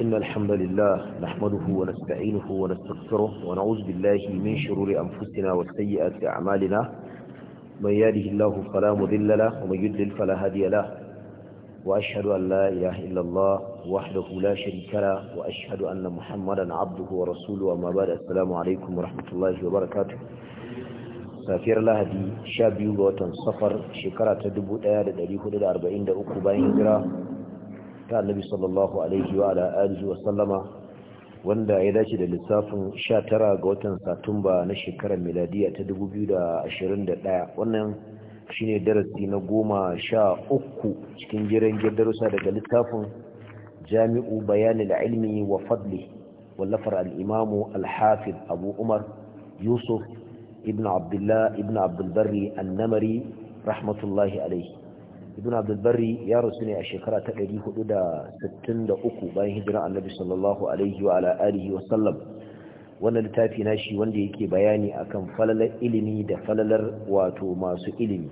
إن الحمد لله نحمده ونستعينه ونستغفره ونعوذ بالله من شرور أنفسنا وسيئات أعمالنا من يهده الله فلا مضل له ومن يضلل فلا هادي له وأشهد أن لا إله إلا الله وحده لا شريك له وأشهد أن محمدا عبده ورسوله وما بعد السلام عليكم ورحمة الله وبركاته safiyar lahadi 12 شكرا تدبو safar shekara ta أربعين bayan hijira ta annabi sallallahu alaihi wa ala alihi wa sallama wanda ya dace da lissafin 19 ga watan satumba na shekarar miladiya ta 2021 wannan shine darasi na goma sha uku cikin jiran darussa daga littafin jami'u bayanil ilmi wa fadli wallafar al-imamu al abu umar yusuf ibn abdullah ibn abdulbari annamari rahmatullahi alaihi ibn abdulbari ya rasu ne a shekara ta 463 bayan hijira annabi sallallahu alaihi wa ala alihi wa sallam wannan littafi nashi wanda yake bayani akan falalar ilimi da falalar wato masu ilimi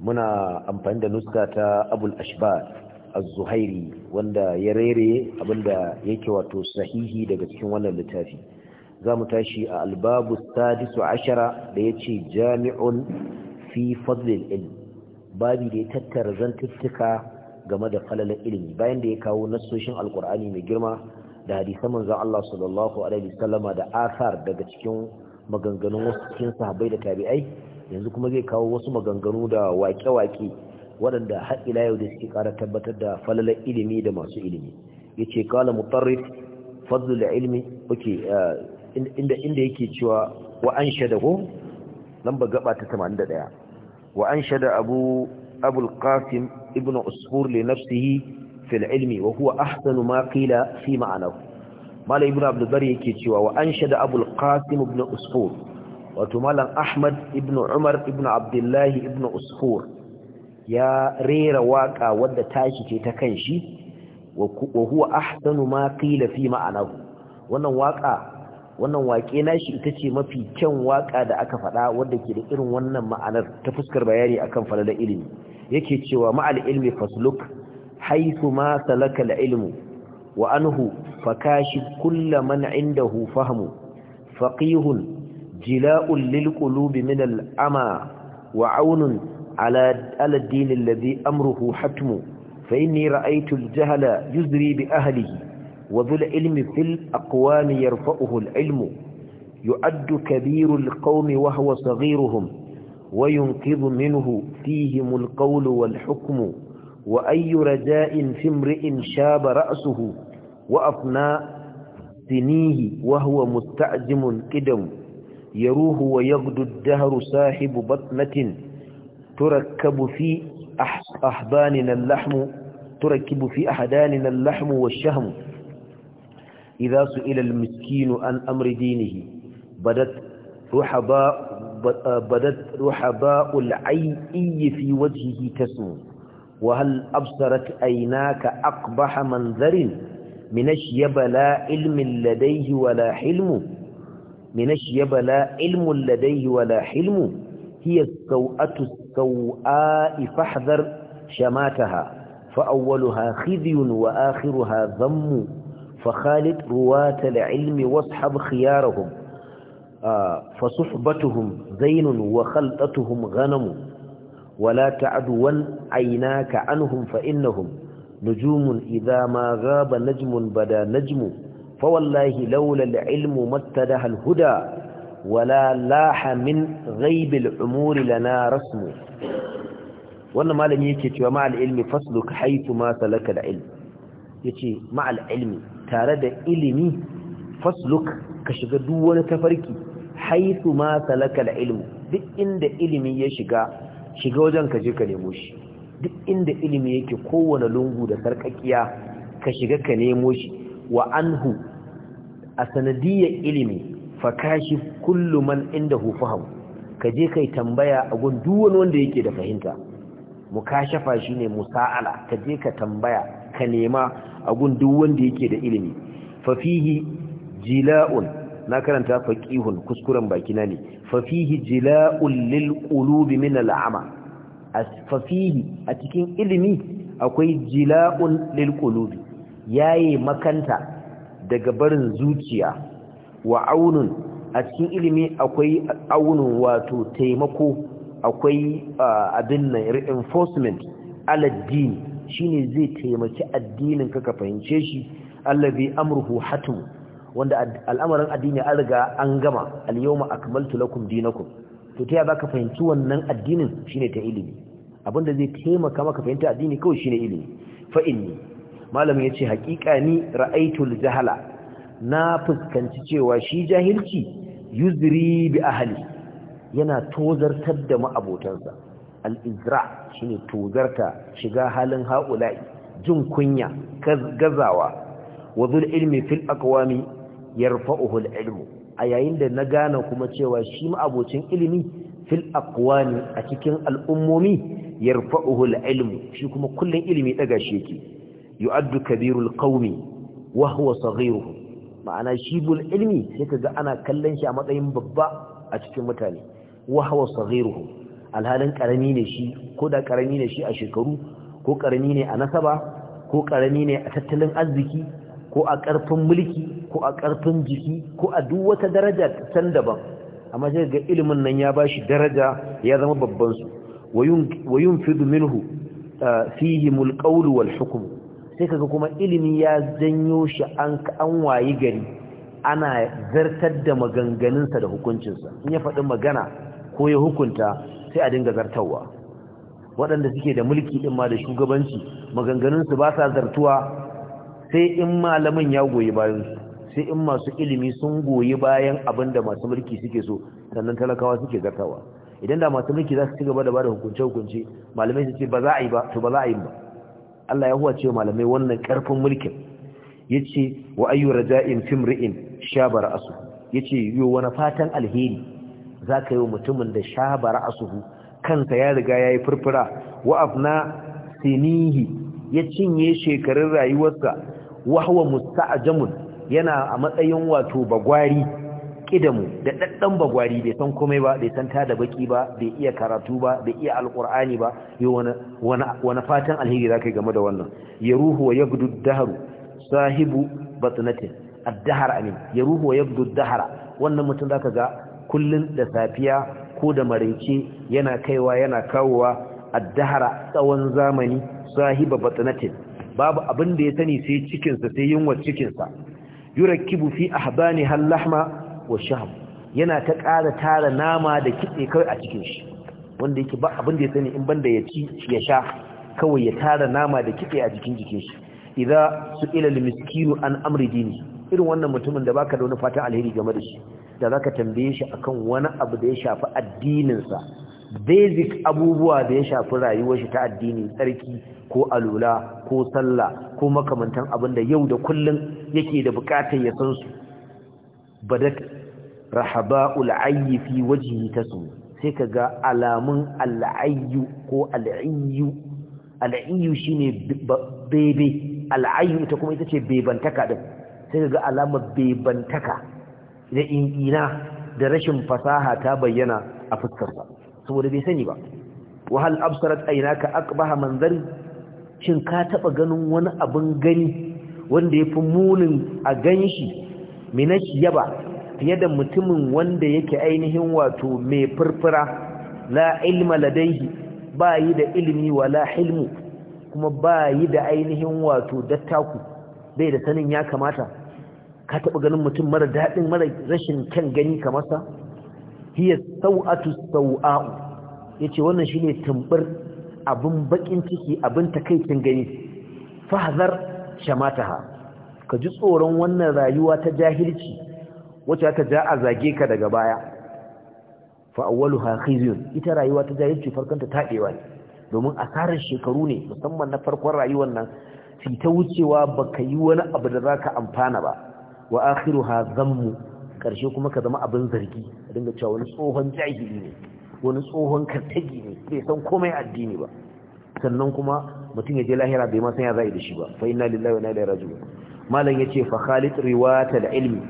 muna amfani da nuska ta abul ashbal az-zuhairi wanda ya rere abinda yake wato sahihi daga cikin wannan littafi za mu tashi a albabu sadisu ashara da ya ce jami'un fi fadlil ilm babi da ya tattara zantuttuka game da falalar ilimi bayan da ya kawo nassoshin alkur'ani mai girma da hadisan manzon Allah sallallahu alaihi wasallama da asar daga cikin maganganun wasu cikin sahabbai da tabi'ai yanzu kuma zai kawo wasu maganganu da wake-wake waɗanda har ila da suke ƙara tabbatar da falalar ilimi da masu ilimi yace qala mutarrif fadlul ilmi okay eh, inda inda yake cewa wa anshadahu lamba gaba ta 81 وأنشد أبو, أبو القاسم ابن أسفور لنفسه في العلم وهو أحسن ما قيل في معناه مال ابن عبد البري كيتشوا وأنشد أبو القاسم ابن أسفور وتمالا أحمد ابن عمر ابن عبد الله ابن أسفور يا رير واقع ود تاشي تكنشي وهو أحسن ما قيل في معناه wannan waka wannan waƙe nashi ita ce mafi kyan waƙa da aka faɗa wadda ke da irin wannan ma'anar ta fuskar bayani akan falalar ilimi yake cewa ma'al ilmi fasluk haythu ma salaka al-ilmu wa anhu fakashi kulla man indahu fahmu faqihun jila'un lil qulubi min al-ama wa 'awnun ala al-din alladhi amruhu hatmu fa inni ra'aytu al-jahla yuzri bi ahlihi وذو العلم في الأقوام يرفعه العلم يعد كبير القوم وهو صغيرهم وينقذ منه فيهم القول والحكم وأي رجاء في امرئ شاب رأسه وأفناء سنيه وهو مستعزم قدم يروه ويغدو الدهر صاحب بطنة تركب في أحباننا اللحم تركب في أحداننا اللحم والشهم إذا سئل المسكين عن أمر دينه بدت رحباء بدت رحباء العيئي في وجهه تسمو وهل أبصرت أيناك أقبح منظر من أشيب لا علم لديه ولا حلم من أشيب لا علم لديه ولا حلم هي السوءة السوءاء فاحذر شماتها فأولها خذي وآخرها ذم فخالد رواة العلم واصحب خيارهم فصحبتهم زين وخلطتهم غنم ولا تعدون عيناك عنهم فإنهم نجوم إذا ما غاب نجم بدا نجم فوالله لولا العلم ما اتدها الهدى ولا لاح من غيب الأمور لنا رسم وأن ما لم يكتب مع العلم فصلك حيث ما سلك العلم yace ma'al ilmi tare da ilimi fasluk ka shiga duk wani tafarki haythu ma salaka da ilmu duk inda ilimi ya shiga shiga wajen ka je ka nemo shi duk inda ilimi yake kowane lungu da sarkakiya ka shiga ka nemo shi wa anhu a sanadiyar ilimi fakashi kullu man indahu faham ka je kai tambaya a gun duk wanda yake da fahimta mukashafa shine musa'ala ka je ka tambaya ka nema a gun duk wanda yake da ilimi fafihi jila'un na karanta faqihun kuskuren bakina ne fafihi jila'un lil qulubi min fa fihi a cikin ilimi akwai jila'un lil qulubi yaye makanta daga barin zuciya wa aunun a cikin ilimi akwai aunun wato taimako akwai ah, abin nan reinforcement ala dini shine zai taimaki addinin ka ka fahimce shi allazi amruhu hatim wanda al'amarin addini an riga an gama al-yawma akmaltu lakum dinakum to ta zaka fahimci wannan addinin shine ta ilimi abinda zai taimaka maka fahimta addini kawai shine ilimi fa inni malamin yace haƙiƙa ni al jahala na fuskanci cewa shi jahilci yuzri bi ahli yana tozartar da ma'abotansa al shi shine tozarta shiga halin haula'i jin kunya gazawa wazul ilmi fil aqwami yarfa'uhu al-ilmu a yayin da na gane kuma cewa shi ma abocin ilimi fil akwami a cikin al'ummomi yarfa'uhu al-ilmu shi kuma kullun ilimi daga sheke yu'addu kabirul qaumi wa ma'ana shi bul ilmi sai kaga ana kallon shi a matsayin babba a cikin mutane wa huwa alhalin karami ne shi ko da karami ne shi a shekaru ko ƙarami ne a nasaba ko ƙarami ne a tattalin arziki ko a ƙarfin mulki ko a ƙarfin jiki ko a duk wata daraja can daban amma sai ga ilimin nan ya bashi daraja ya zama babban su wayun fidu minhu uh, fihi mulqawl wal hukm sai kaga kuma ilimi ya janyo shi an an wayi gari ana zartar da maganganunsa da hukuncinsa in ya faɗi magana ko ya hukunta sai a dinga zartarwa waɗanda suke da mulki ɗin ma da shugabanci maganganunsu ba sa zartuwa sai in malamin ya goyi bayansu sai in masu ilimi sun goyi bayan abin da masu mulki suke so sannan talakawa suke zartawa idan da masu mulki za su ci gaba da ba da hukunce-hukunce malamai su ce ba za a yi ba to ba za a yi ba Allah ya huwace cewa malamai wannan karfin mulkin ya ce wa ayyu raja'in fimri'in shabar asu ya ce yo wani fatan alheri za ka yi wa mutumin da shabara asuhu kansa ya riga ya yi furfura wa afna sinihi ya cinye shekarun rayuwarsa wa hawa jamun yana a matsayin wato bagwari kidamu da ɗaɗɗan bagwari bai san komai ba bai san ta da baki ba bai iya karatu ba bai iya alƙur'ani ba yi wani fatan alheri yi game da wannan yaruhu wa gudu Daharu. sahibu batnatin a dahar amin yaruhu wa gudu Dahara. wannan mutum za ka ga kullun da safiya ko da maraice yana kaiwa yana kawowa addahara tsawon zamani sahiba batnatin babu abin da ya sani sai cikinsa sai yunwa cikinsa yurakibu fi ahbani lahma wa shahab yana ta ƙara tara nama da kitse kawai a cikin shi wanda yake ba abin da ya sani in banda ya ci ya sha kawai ya tara nama da kitse a jikin jikin shi idza su ila miskinu an amri dini irin wannan mutumin da baka da wani fatan alheri game da shi da za ka tambaye shi akan wani abu da ya shafi addininsa basic abubuwa da ya shafi rayuwar shi ta addini tsarki ko alula ko sallah ko makamantan abin da yau da kullun yake da bukatar ya san su badat rahaba'ul ayyi fi wajhi tasu sai kaga alamun al'ayyu ko al'ayyu al'ayyu shine bebe al'ayyu ta kuma ita ce bebantaka din sai kaga alamar bebantaka da in'ina da rashin fasaha ta bayyana a fuskarsa saboda bai sani ba wahal absarat ka aqbaha manzari shin ka taba ganin wani abin gani wanda yafi munin a ganshi minashi yaba fiye da mutumin wanda yake ainihin wato mai furfura la ilma ladaihi ba yi da ilimi wala hilmu kuma ba yi da ainihin wato dattaku bai da sanin ya kamata ka taɓa ganin mutum mara daɗin mara rashin kyan gani ka masa? hiya sau'atu sau'a'u Ya ce wannan shi ne tambar abin bakin ciki abin takaicin gani fahzar ha. ka ji tsoron wannan rayuwa ta jahilci wacce ta ja a zage ka daga baya fa awwaluha khizyun ita rayuwa ta jahilci farkanta taɗewa ne domin asarar shekaru ne musamman na farkon rayuwar nan fita ta wucewa baka yi wani abu da za ka amfana ba wa akhiruha zammu karshe kuma ka zama abin zargi Ka dinga cewa wani tsohon jahili ne wani tsohon kartagi ne bai san komai addini ba sannan kuma mutum ya je lahira bai ma san ya zai da shi ba fa inna lillahi wa inna ilaihi raji'un malam yace fa khalid riwata ilmi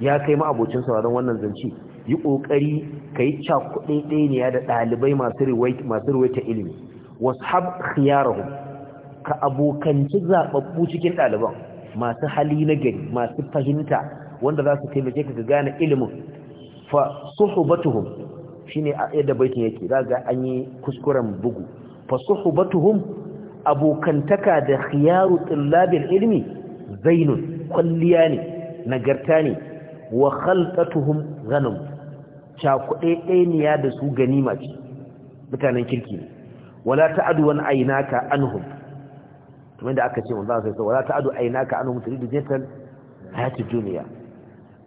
ya kai ma abocin sauraron wannan zance yi kokari kai cakuɗe ɗaya da ɗalibai masu riwaita masu Wasu ilmi washab khiyarahum ka abokanci zababbu cikin ɗaliban masu hali na gari masu fahimta wanda za su taimake ka gane ilimin fa suhubatuhum shine yadda baitin yake za ga an yi kuskuren bugu fa suhubatuhum abokantaka da khiyaru tullabil ilmi zainun kulliya ne nagarta ne wa khalqatuhum ghanam kuɗe? Ɗaniya da su ganima ce mutanen kirki ne wala ta'adu wan aynaka anhum kuma da aka ce manzo Allah sai wala ta'adu aynaka anhum turidu jintal hayati dunya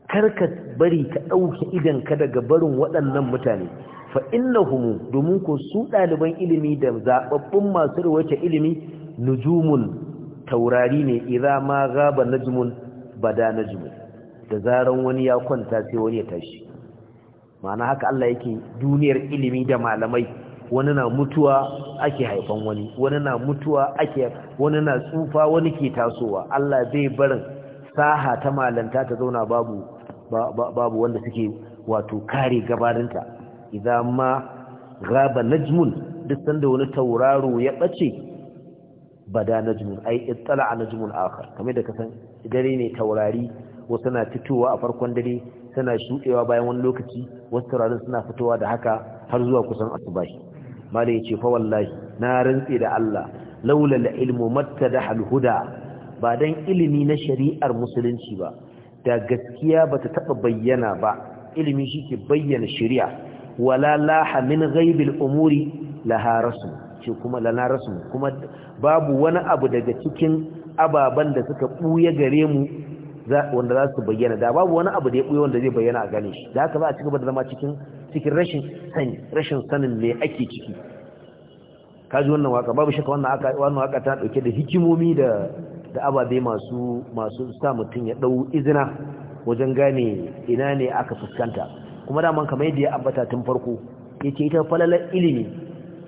karka bari ka dauke idan ka daga barin waɗannan mutane fa innahum domin ko su ɗaliban ilimi da zababbun masu ruwace ilimi nujumun taurari ne idza ma ghaba najmun bada najmun da zaran wani ya kwanta sai wani ya tashi ma'ana haka Allah yake duniyar ilimi da malamai wani na mutuwa ake haifan wani wani na mutuwa ake wani na tsufa wani ke tasowa Allah zai barin saha ta malanta ta zauna babu babu wanda suke wato kare gabarinta idan ma gaba najmun duk sanda wani tauraro ya bace bada najmun ai ittala najmun akhar kamar da kasan dare ne taurari wasu na fitowa a farkon dare suna shuɗewa bayan wani lokaci wasu taurarin suna fitowa da haka har zuwa kusan asubahi ya ce fa wallahi na rantsi da Allah laula la ilmu mattadaha ba dan ilimi na shari'ar musulunci ba da gaskiya bata taba bayyana ba ilimi shike bayyana shari'a wala laha min ghaibil umuri laha rasul ce kuma lana rasul kuma babu wani abu daga cikin ababan da suka buye gare mu wanda za su bayyana da babu wani abu da ya buye wanda zai bayyana a gane shi da haka za a ci da zama cikin cikin rashin sani rashin sanin me ake ciki kaji wannan waka babu shaka wannan aka wannan waka ta dauke da hikimomi da da ababe masu masu sa mutum ya dau izina wajen gane ina ne aka fuskanta kuma daman kamar yadda ya ambata tun farko yake ita falalar ilimi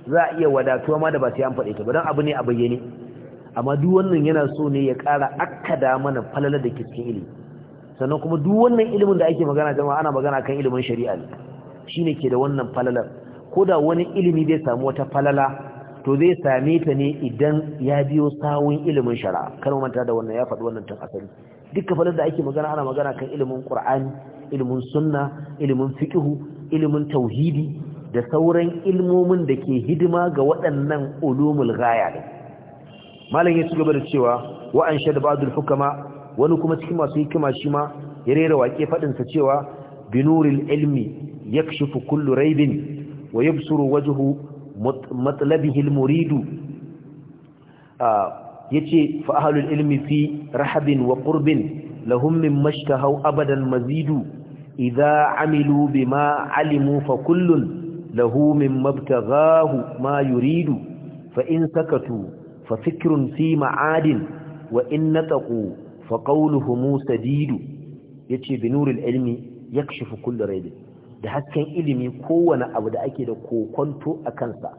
za a iya wadatuwa ma da ba sai an faɗe ta ba don abu ne a bayyane amma duk wannan yana so ne ya ƙara da mana falalar da cikin ilimi sannan kuma duk wannan ilimin da ake magana jama'a ana magana kan ilimin shari'a ne shine ke da wannan falalar ko da wani ilimi zai samu wata falala to zai same ta ne idan ya biyo sawun ilimin shari'a kar manta da wannan ya faɗi wannan tun asali dukkan falar da ake magana ana magana kan ilimin qur'ani ilimin sunna ilimin fiqhu ilimin tauhidi da sauran ilmomin da ke hidima ga waɗannan ulumul ghaya ne malam ya cigaba da cewa wa an shad ba'dul hukama wani kuma cikin masu hikima shi ma ya rera wake faɗinsa cewa binuril ilmi يكشف كل ريب ويبصر وجه مطلبه المريد آه، يتي فأهل العلم في رحب وقرب لهم من مشتهوا أبدا مزيد إذا عملوا بما علموا فكل له من مبتغاه ما يريد فإن سكتوا ففكر في معاد وإن نطقوا فقولهم سديد يتي بنور العلم يكشف كل ريب da hasken ilimi kowane abu da ake da kokonto a kansa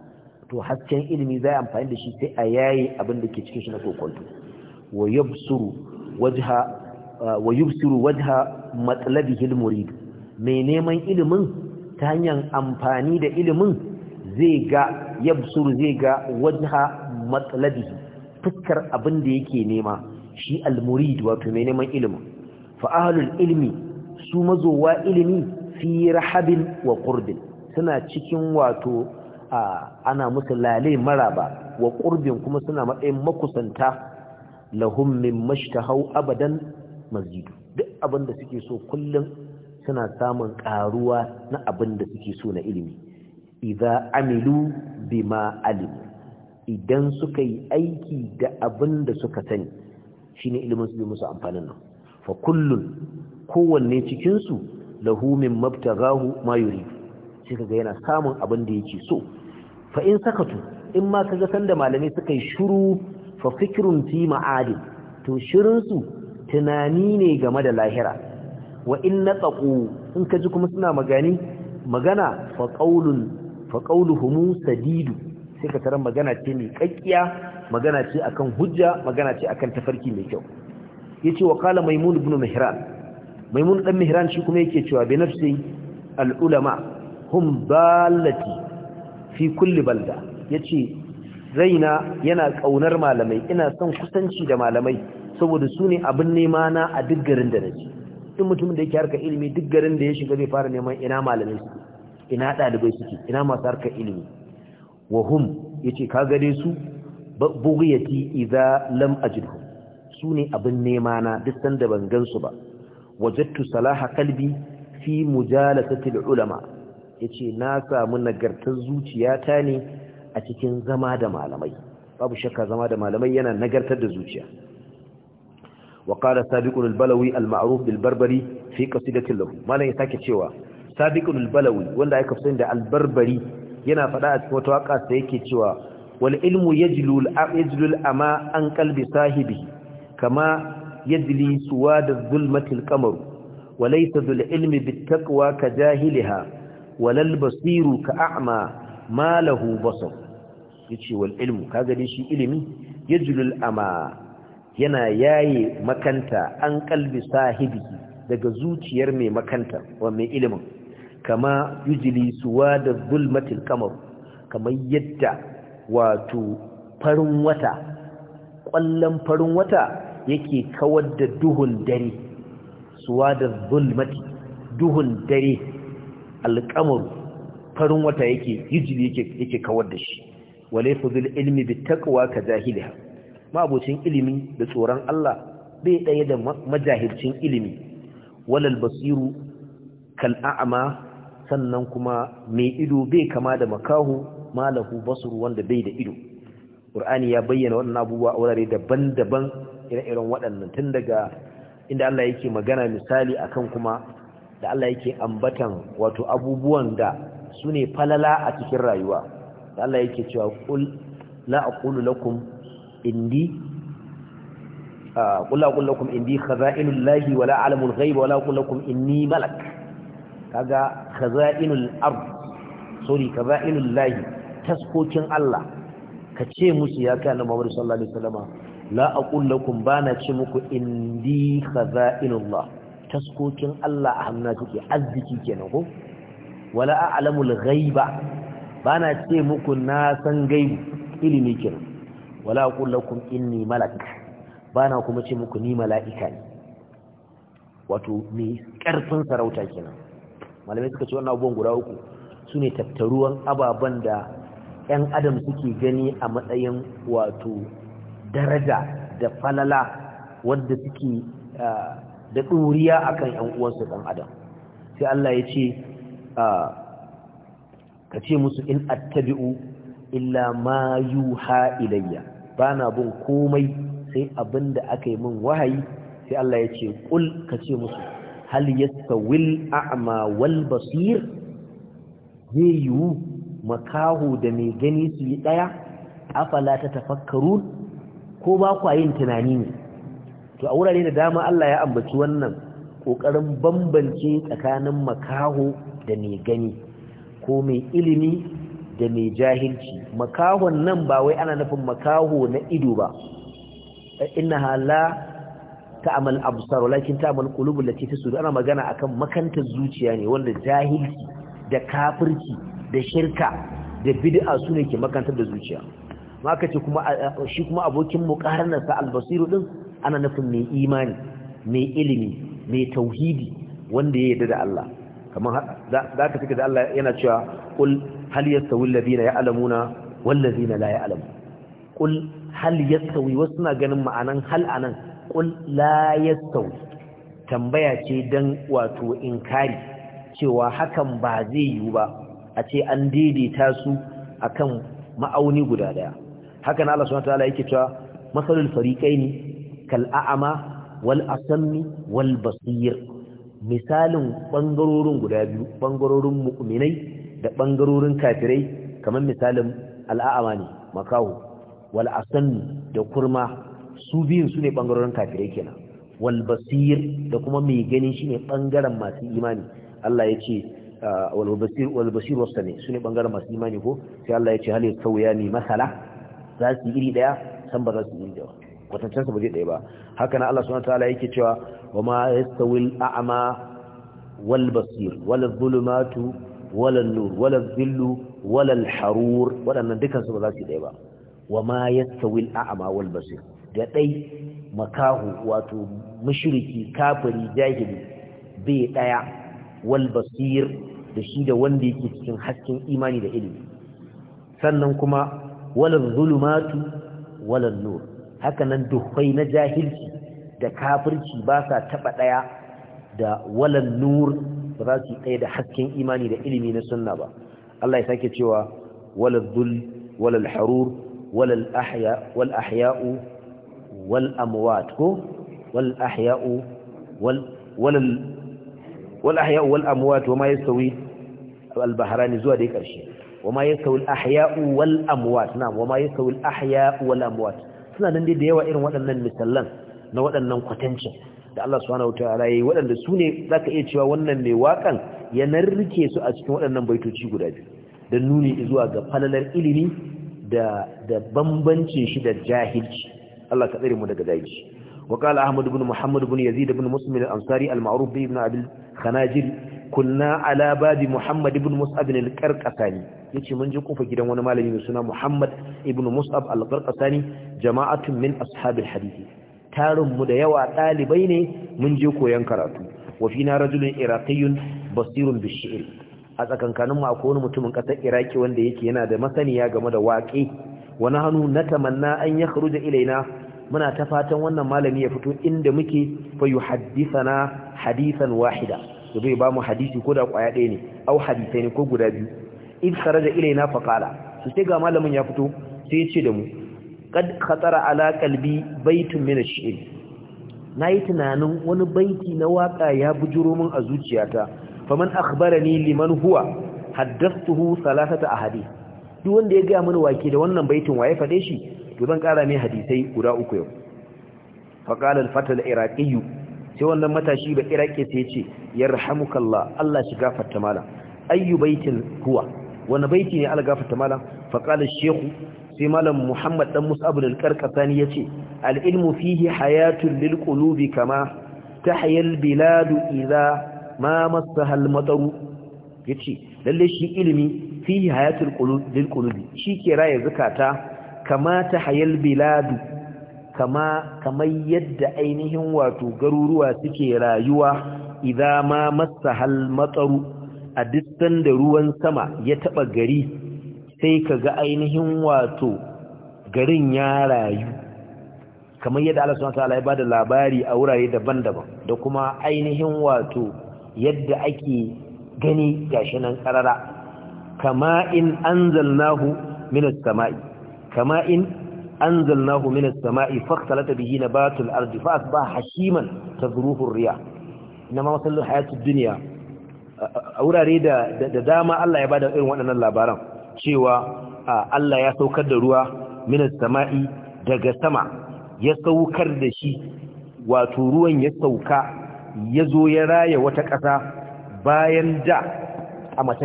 to hasken ilimi zai amfani da shi sai a yayi abin da ke cikin shi na kokonto wa wajha wa wajha matlabihi al-murid mai neman ilimin ta hanyar amfani da ilimin zai ga yabsuru zai ga wajha matlabihi fuskar abin da yake nema shi murid wato mai neman ilimin fa ahlul ilmi su mazowa ilimi fi rahabin wa qurbin suna cikin wato ana musu lalai maraba wa qurbin kuma suna matsayin makusanta lahum min mashtahau abadan masjidu duk abin da suke so kullum suna samun karuwa na abin da suke so na ilimi idza amilu bima alim idan suka yi aiki da abin da suka sani shine ilimin su musu amfanin nan fa kullun kowanne cikin su lahumin mabtagahu mabtaghahu ma yurid kaga yana samun abin da yake so fa in sakatu in ma kaga sanda malamai suka yi shiru fa fikrun fi ma'adin to shirin su tunani ne game da lahira wa in nataqu in kaji kuma suna magani magana fa qaulun fa qauluhum sadidu sai ka tarar magana ce mai kakkiya magana ce akan hujja magana ce akan tafarki mai kyau yace wa qala maimun ibn mihran maimun dan mihran shi kuma yake cewa bi nafsi al ulama hum balati fi kulli balda yace zaina yana kaunar malamai ina son kusanci da malamai saboda su ne abin nema na a duk garin da nake duk mutumin da yake harka ilimi duk garin da ya shiga zai fara neman ina malamai suke ina dalibai suke ina masu harka ilimi wa hum yace ka gare su bugiyati idza lam ajidhum su ne abin nema na duk sanda ban gan su ba wajattu salaha kalbi fi mujalasati ulama yace na samu nagartar zuciyata ne a cikin zama da malamai babu shakka zama da malamai yana nagartar da zuciya وقال سابق البلوي المعروف fi في قصيدة له ما لا cewa تشيوا سابق البلوي wanda aka fi da albarbari yana fada a cikin wata waka sai yake cewa wal ilmu yajlu al yajlu ama an qalbi sahibi kama yajli suwad zulmatil dhulmati al-qamar wa dhul ilmi bit-taqwa ka jahiliha walal basiru ka a'ma ma lahu basar yace wal ilmu kaga dai shi ilimi yajlul ama yana yaye makanta an kalbi sahibi daga zuciyar mai makanta wa mai ilimin kama yujli suwad adh qamar kamar yadda wato farin wata ƙwallon farin wata yake kawar da duhun dare suwa da zulmati duhun dare alƙamur farin wata yake yijili yake kawar da shi wale bil ilmi bi taqwa ka jahiliha ilimi da tsoron Allah bai ɗaya da majahilcin ilimi walal basiru kal a'ma sannan kuma mai ido bai kama da makahu malahu basur wanda bai da ido Qur'ani ya bayyana wannan abubuwa a wurare daban-daban ire-iren waɗannan tun daga inda Allah yake magana misali akan kuma da Allah yake ambatan wato abubuwan da su ne falala a cikin rayuwa da Allah yake cewa qul la lakum indi la lakum indi khaza'inul lahi lakum inni malak kaga khazainul ard sorry khaza'inul lahi taskokin Allah ka ce musu ya kai annabi Muhammad sallallahu alaihi wasallama la aqul lakum bana ce muku indi khaza'inullah taskokin Allah a hannuna take azziki kenan ko wala a'lamul ghaiba bana ce muku na san gaibi ilimi kenan wala aqul lakum inni malak bana kuma ce muku ni mala'ika ne wato mai karfin sarauta kenan malamai suka ce wannan abubuwan guda uku sune tattaruwan ababan da ‘yan adam suke gani a matsayin wato daraja da falala wadda suke da ɗuriya a kan ‘yan uwansu ɗan adam sai Allah ya ce ka ce musu in attabi'u illa ma yi ilayya ba na bin komai sai abin da aka yi min wahayi sai Allah ya ce ƙul ka ce musu hal wil a'ama wal basir zai yiwu makahu da mai gani su yi ɗaya afala ta tafakkarun ko ba kwa tunani ne to a wurare da dama Allah ya ambaci wannan ƙoƙarin bambance tsakanin makaho da mai gani ko mai ilimi da mai jahilci makahon nan ba wai ana nufin makaho na ido ba inna hala ta amal absar lakin ta'amal qulubul lati tasud ana magana akan makantar zuciya ne wanda jahilci da kafirci da shirka da bid'a su ne ke makantar da zuciya maka ce kuma shi kuma abokin muqaranarsa al albasiru din ana nufin mai imani mai ilimi mai tauhidi wanda ya yarda da Allah kamar za ka fika da Allah yana cewa qul hal yastawi alladhina ya'lamuna wal ladhina la ya'lamu qul hal yastawi wasu na ganin ma'anan hal anan qul la yastawi tambaya ce dan wato inkari cewa hakan ba zai yiwu ba a ce an daidaita su a kan ma'auni guda daya haka na Allah subhanahu wataala yake cewa masarar fariqaini kal a'ama walasanni asammi misalin ɓangarorin guda biyu ɓangarorin mu'minai da ɓangarorin kafirai kamar misalin al'a'ama ne makahu wal da kurma su biyun su ne ɓangarorin kafirai kenan wal da kuma mai gani ne ɓangaren masu imani Allah ya ce walbasir walbasir wasani sune bangaren masu imani ko sai Allah ya ce hali yasawiya ni masala za su iri daya san ba za su iri daya kwatancen su ba zai daya ba haka nan Allah subhanahu wataala yake cewa wa wama yasawil a'ma wal basir wal zulumatu wal nur wal zillu wal harur wadannan dukan su ba za su daya ba wa wama yasawil a'ma wal basir da dai makahu wato mushriki kafiri jahili bai daya wal basir da shi da wanda yake cikin hasken imani da ilimi sannan kuma walal zulumatu walal nur haka nan duhai na jahilci da kafirci ba sa taba daya da walal nur ba za su da hasken imani da ilimi na sunna ba Allah ya sake cewa walal dhul walal harur walal ahya wal ahya'u wal amwat ko wal ahya'u wal walal wal ahya'u wal amwat wa yastawi al bahrani zuwa dai karshe Wama ma yastawi al ahya'u wal amwat na'am wa yastawi al ahya'u wal amwat suna nan dai da yawa irin waɗannan misallan na waɗannan kwatancin da Allah subhanahu wataala yayi waɗanda sune zaka iya cewa wannan mai waƙan ya narrike su a cikin waɗannan baitoci guda biyu da nuni zuwa ga falalar ilimi da da bambancin shi da jahilci Allah ka tsare mu daga jahilci وقال أحمد بن محمد بن يزيد بن مسلم الأنصاري المعروف بابن أبي الخناجر كنا على باب محمد بن مصعب القرقساني yace mun je kofa gidan wani malami mai suna Muhammad ibn Mus'ab al-Qarqasani jama'atun min ashabil hadisi tarin mu da yawa ɗalibai ne mun je koyon karatu wa fina rajulun iraqiyyun basirun bish-shi'r a tsakankanin mu wani mutumin kasar Iraki wanda yake yana da masaniya game da waƙe Wani hannu na natamanna an yakhruja ilaina muna ta fatan wannan malami ya fito inda muke fa yuhaddithana hadithan wahida zai ba mu hadisi ko da kwaya ɗaya ne au hadisai ne ko guda biyu in saraja ilaina fa qala su sai ga malamin ya fito sai ya ce da mu qad khatara ala qalbi baitun min ash-shi'r nayi tunanin wani baiti na waka ya bujuro min a zuciyata faman akhbarani liman huwa haddathtuhu thalathata ahadith duk wanda ya ga mun wake da wannan baitin waye fade shi to zan kara mai hadisai guda uku yau faqala al-fatal iraqi sai wannan matashi ba iraqi sai ce yarhamukallah Allah shiga fatta ayyubaitin ayyu baitin wani baiti ne Allah gafarta mala faqala shehu sheikh sai malam Muhammad dan Mus'ab al-Qarqasani yace al al'ilmu fihi hayatun lil kama ta al-bilad idha ma massaha al shi ilimi fihi hayatul lil shi ke raye zakata kama ta hayal biladu kama kamar yadda ainihin wato garuruwa suke rayuwa idza ma masahal matsaru a dukkan da ruwan sama ya taba gari sai kaga ainihin wato garin ya rayu kamar yadda Allah subhanahu wataala ya bada labari a wurare daban-daban da kuma ainihin wato yadda ake gani gashi nan karara kama in anzalnahu minas sama'i kama in anzalnahu minas sama'i fakhtalata bihi nabatul ardi fa asbaha hashiman tadruhu riya inma masallu hayatud dunya a wurare da dama Allah ya bada irin waɗannan labaran cewa Allah ya saukar da ruwa minas sama'i daga sama ya saukar da shi wato ruwan ya sauka ya zo ya raya wata ƙasa bayan da a mace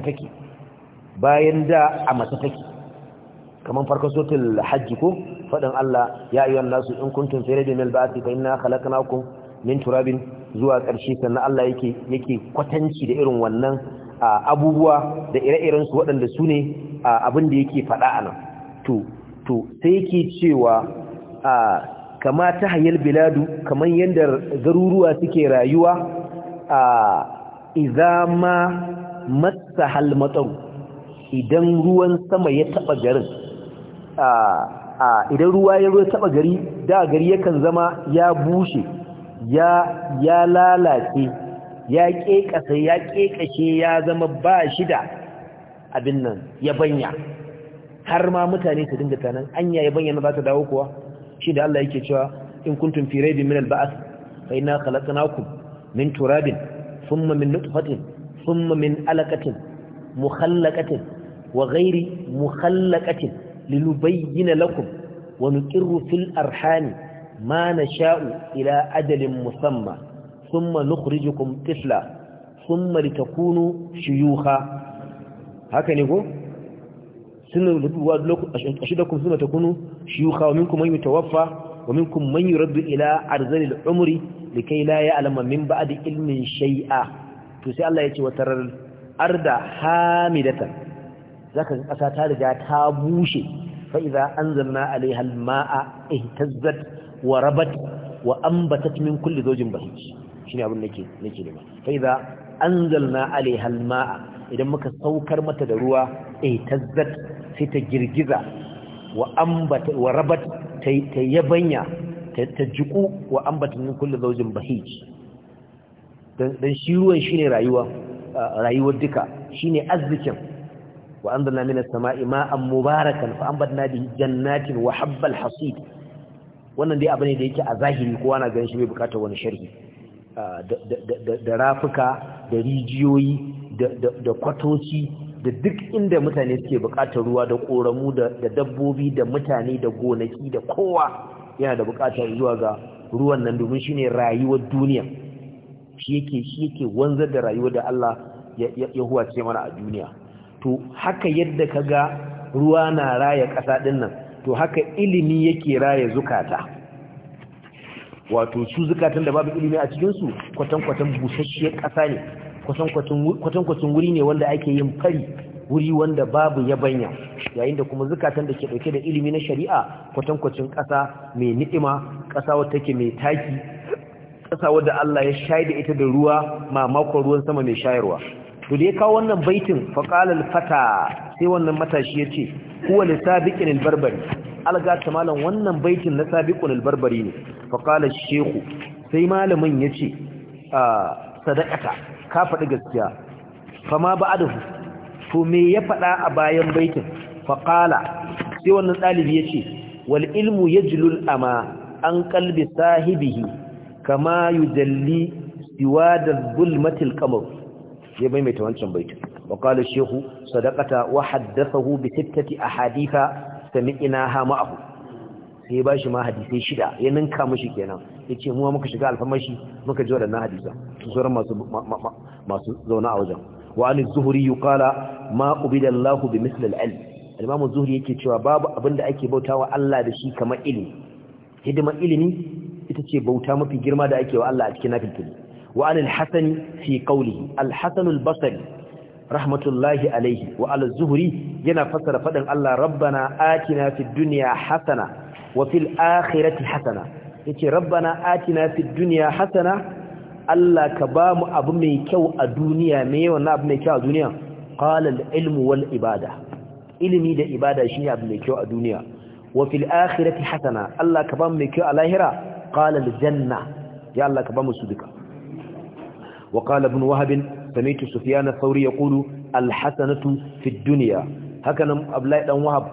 bayan da a mace take kaman farkon sotul hajji ko faɗin Allah ya ayyuhan nasu in kuntum fi da min ba'thi fa inna khalaqnakum min turabin zuwa ƙarshe sannan Allah yake yake kwatanci da irin wannan abubuwa da ire-iren su waɗanda su ne abin da yake faɗa anan to to sai yake cewa kama ta hayal biladu kaman yadda garuruwa suke rayuwa a idza ma massa hal idan ruwan sama ya taɓa garin idan ruwa ya ruwa taba gari da gari yakan zama ya bushe ya ya lalace ya kekasa ya kekashe ya zama ba shi da abin nan ya banya har ma mutane su dinga tanan anya ya banya na za ta dawo kuwa shi da Allah yake cewa in kuntum fi raibin min al-ba'th fa inna khalaqnakum min turabin thumma min nutfatin thumma min alaqatin mukhallaqatin wa ghairi mukhallaqatin لنبين لكم ونقر في الأرحام ما نشاء إلى أجل مسمى ثم نخرجكم طفلا ثم لتكونوا شيوخا هكا نقول أشدكم ثم تكونوا شيوخا ومنكم من يتوفى ومنكم من يرد إلى أرزل العمر لكي لا يعلم من بعد علم شيئا تسأل الله ترى الأرض حامدة zaka ga ƙasa ta riga ta bushe fa idza anzalna alaiha alma'a ihtazzat wa rabat wa ambatat min kulli zawjin bahij shine abin nake nake nema fa idza anzalna alaiha alma'a idan muka saukar mata da ruwa ihtazzat sai ta girgiza wa ambata wa rabat ta yabanya ta jiku wa ambata min kulli zawjin bahij dan shi ruwan shine rayuwa rayuwar duka shine arzikin wa anzalna minas sama'i ma'an mubarakan fa anbatna bihi jannatin hasid wannan dai abu ne da yake a zahiri kowa na ganin shi bai bukatar wani sharhi ah, da rafuka da rijiyoyi da kwatoci da duk inda mutane suke bukatar ruwa da koramu da dabbobi da mutane da gonaki da kowa yana da bukatar zuwa ga ruwan nan domin shine rayuwar duniya shi shi yake wanzar da rayuwar da Allah ya huwace mana a duniya to haka yadda ka ga ruwa na raya ƙasa ɗin nan to haka ilimi yake raya zukata wato su zukatan da babu ilimi a cikinsu kwatankwatan busasshiyar ƙasa ne kwatankwacin wuri ne wanda ake yin fari wuri wanda babu yabanya yayin da kuma zukatan da ke ɗauke da ilimi na shari'a kwatankwacin ƙasa mai ni'ima ƙasa wata ke mai taki ƙasa wadda Allah ya shaida ita da ruwa mamakon ruwan sama mai shayarwa to da ya kawo wannan baitin faƙalar fata sai wannan matashi ya ce kuwa da sabiƙin albarbari algata malam wannan baitin na sabiƙin albarbari ne faƙalar shehu sai malamin ya ce a ka faɗi gaskiya Kama ba to me ya faɗa a bayan baitin faƙala sai wannan ɗalibi ya ce wal ilmu ya ama an kalbi sahibihi kama yujalli siwa da zulmatil kamaru ya maimaita wancan baitin wa qala shehu sadaqata wa haddathahu bi sittati ahaditha sami'naha ma'ahu sai ba shi ma hadisai shida ya ninka mushi kenan yace mu muka shiga alfamashi muka ji wadannan hadisa su sauran masu masu zauna a wajen wa an az-zuhri yuqala ma ubida Allah bi misl al-ilm al-imam zuhri yake cewa babu abinda ake bautawa Allah da shi kamar ilimi hidimar ilimi ita ce bauta mafi girma da ake wa Allah a cikin nafilin وعن الحسن في قوله الحسن البصري رحمة الله عليه وعلى الزهري ينفسر فدن الله ربنا آتنا في الدنيا حسنة وفي الآخرة حسنة يتي ربنا آتنا في الدنيا حسنة الله كبام أبو ميكو الدنيا ميوانا أبو ميكو الدنيا قال العلم والإبادة ilimi da ibada shine abu mai kyau a duniya wa fil akhirati hasana Allah ka ba mu mai kyau a lahira qala al janna ya Allah ka ba mu su duka وقال ابن وهب سمعت سفيان الثوري يقول الحسنة في الدنيا هكذا أبلاء بن وهب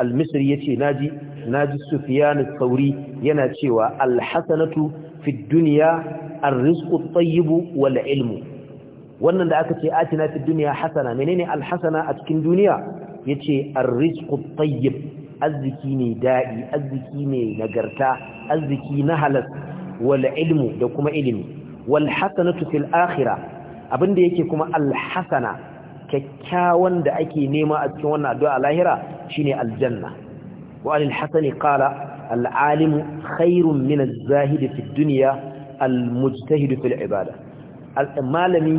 المصري يتي ناجي ناجي سفيان الثوري يناتي الحسنة في الدنيا الرزق الطيب والعلم wannan da aka ce atina fi duniya hasana menene alhasana a cikin duniya yace arrizqu tayyib arziki ne da'i arziki ne nagarta arziki na halal wal ilmu da kuma ilimi walhasanatu fil akhirah abinda yake kuma al kyakkyawan da ake nema a cikin wannan addu'a lahira shine aljanna wa al hasani qala al khairun min az zahidi fid dunya fil ibada malami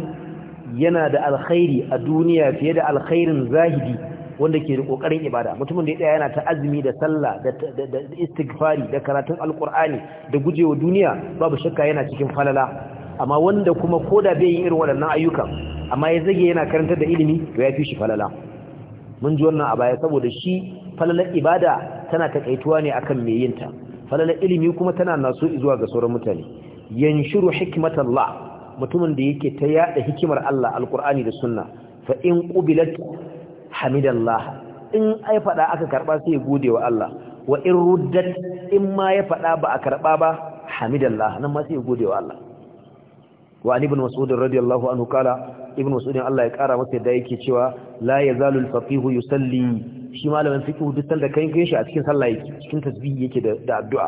yana da alkhairi a duniya fiye da alkhairin zahidi wanda ke kokarin ibada mutumin da ya tsaya yana ta azumi da sallah da istighfari da karatun alkur'ani da gujewa duniya babu shakka yana cikin falala amma wanda kuma koda bai yi irin waɗannan ayyukan amma ya zage yana karantar da ilimi to ya fi shi falala mun ji wannan a baya saboda shi falalar ibada tana takaituwa ne akan mai yinta falalar ilimi kuma tana naso zuwa ga sauran mutane yanshuru hikmatallah mutumin da yake ta yada hikimar Allah alkur'ani da sunna fa in qubilat hamidallah in ai fada aka karba sai gode wa Allah wa in ruddat in ma ya fada ba a karba ba hamidallah nan ma sai gode wa Allah wa ibn mas'ud radiyallahu anhu kala ibn mas'ud Allah ya kara masa da yake cewa la yazalu al-faqih yusalli shi malamin fiqh duk sanda kai kai shi a cikin sallah yake cikin tasbih yake da addu'a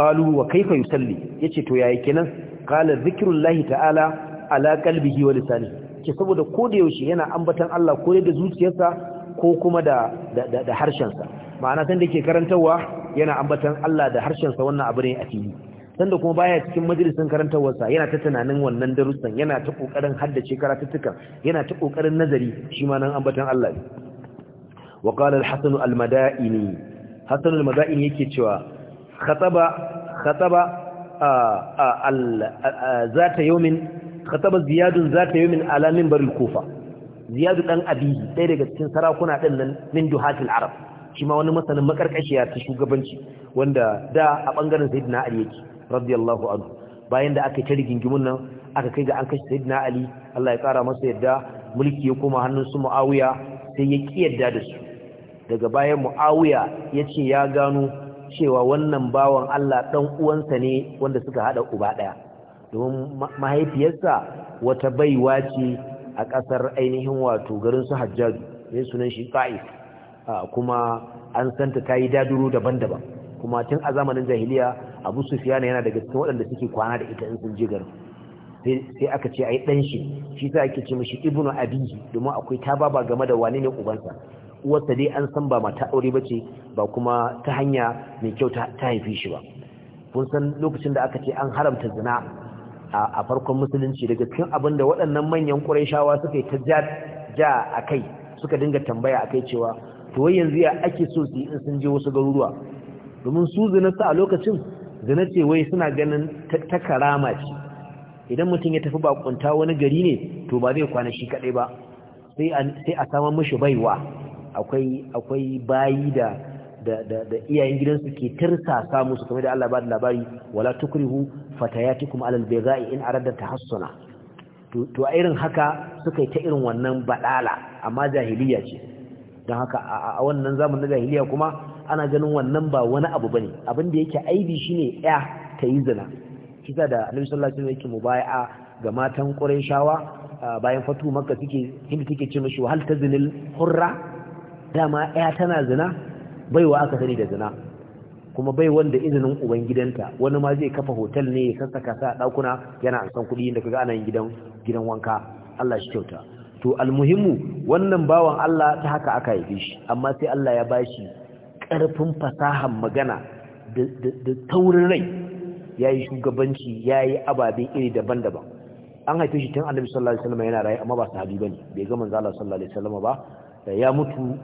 qalu wa kayfa yusalli yace to yayi kenan qala zikrullahi ta'ala ala qalbihi wa lisanihi gaske saboda ko da yaushe yana ambatan Allah ko da zuciyarsa ko kuma da da harshensa ma'ana san da ke karantawa yana ambatan Allah da harshensa wannan abu ne a fili san da kuma baya cikin majalisin karantawarsa yana ta tunanin wannan darussan yana ta kokarin haddace karatuttukan yana ta kokarin nazari shi ma nan ambatan Allah ne wa qala al-hasan al-madaini hasan al-madaini yake cewa khataba khataba zata yawmin katabar ziyadun za ta yi min alamin bari kufa ziyadu dan abihi ɗaya daga cikin sarakuna ɗin nan min duhatil arab shi ma wani masanin makarkashiya ta shugabanci wanda da a bangaren sayyidina ali yake radiyallahu anhu bayan da aka ta rigingimun nan aka kai ga an kashe sayyidina ali Allah ya kara masa yadda mulki ya koma hannun su muawiya sai ya ƙi yadda da su daga bayan muawiya ce ya gano cewa wannan bawan Allah dan uwansa ne wanda suka haɗa uba ɗaya. domin mahaifiyarsa wata baiwa ce a ƙasar ainihin wato garin su hajjaju ne sunan shi ta'if kuma an santa ta yi daduro daban-daban kuma tun a zamanin jahiliya abu sufiyana yana daga cikin waɗanda suke kwana da ita in sun je garin sai aka ce yi ɗan shi shi sa ake ce mishi ibnu abinci domin akwai ta ba game da wane ne ubansa uwarsa dai an san ba mata aure bace ba kuma ta hanya mai kyau ta haifi shi ba kun san lokacin da aka ce an haramta zina a farkon musulunci daga cikin abin da waɗannan manyan ƙurayshawa suka yi ta ja a kai suka dinga tambaya a kai cewa to wai yanzu ya ake so su yi in sun je wasu garuruwa domin su su a lokacin zina ce wai suna ganin ta karama ce idan mutum ya tafi bakunta wani gari ne to ba zai kwana shi kaɗai ba sai a saman mashi baiwa akwai bayi da iyayen gidansu ke tarsa su kamar da Allah ba da labari wala tukrihu fatayatikum alal bayza'i in arada tahassuna to a irin haka suka yi ta irin wannan badala amma jahiliya ce don haka a wannan zamanin jahiliya kuma ana ganin wannan ba wani abu bane abin da yake aibi shine ya ta yi zina kisa da annabi sallallahu alaihi wasallam yake mubai'a ga matan qurayshawa bayan fatu makka suke inda suke ce shi hal tazinil hurra dama ya tana zina baiwa aka sani da zina kuma bai wanda izinin ubangidanta wani ma zai kafa hotel ne ya sassaka sa ɗakuna yana san kuɗi da kaga ana yin gidan wanka Allah shi kyauta to almuhimmu wannan bawan Allah ta haka aka haife shi amma sai Allah ya bashi ƙarfin fasahar magana da taurin rai yayi shugabanci yayi ababe iri daban-daban an haife shi tun Annabi sallallahu alaihi wasallam yana raye amma ba sahabi bane bai ga manzo Allah sallallahu alaihi wasallam ba ya mutu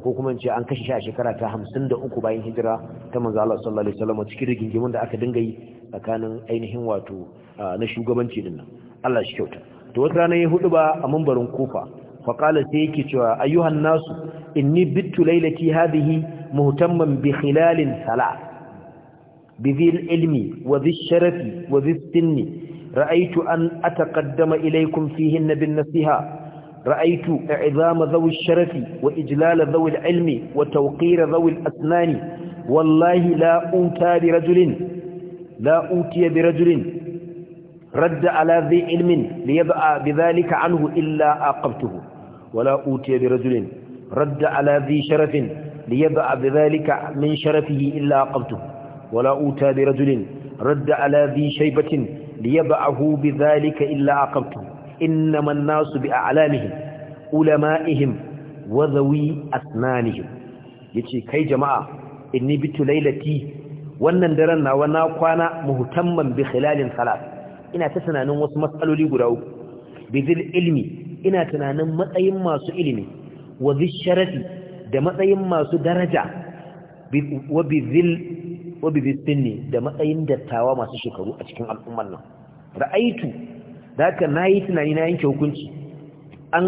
ko kuma ce an kashe shi a shekara ta hamsin da uku bayan hijira ta manzo Allah sallallahu alaihi wasallam cikin rigingimun da aka dinga yi tsakanin ainihin wato na shugabanci din nan Allah shi kyauta to wata rana ya hudu ba a mambarin kufa fa qala sai yake cewa ayyuhan nasu inni bittu laylati hadhihi muhtamman bi khilalin sala bi dhil ilmi wa dhil sharafi wa dhil sinni ra'aytu an ataqaddama ilaykum fihinna bin nasiha رأيت إعظام ذوي الشرف وإجلال ذوي العلم وتوقير ذوي الأسنان والله لا أوتى برجل لا أوتي برجل رد على ذي علم ليضع بذلك عنه إلا آقبته ولا أوتي برجل رد على ذي شرف ليضع بذلك من شرفه إلا آقبته ولا أوتى برجل رد على ذي شيبة ليضعه بذلك إلا آقبته إنما الناس بأعلامهم علمائهم وذوي أسنانهم يتي كي جماعة إني بت ليلتي wannan daren nawa na kwana muhtamman bi khilalin salat ina ta tunanin wasu matsaloli guda uku bizil ilmi ina tunanin matsayin masu ilimi wa sharafi da matsayin masu daraja wa bizil wabi da matsayin dattawa masu shekaru a cikin al'ummar nan ra'aitu da haka na yi tunani na yanke hukunci an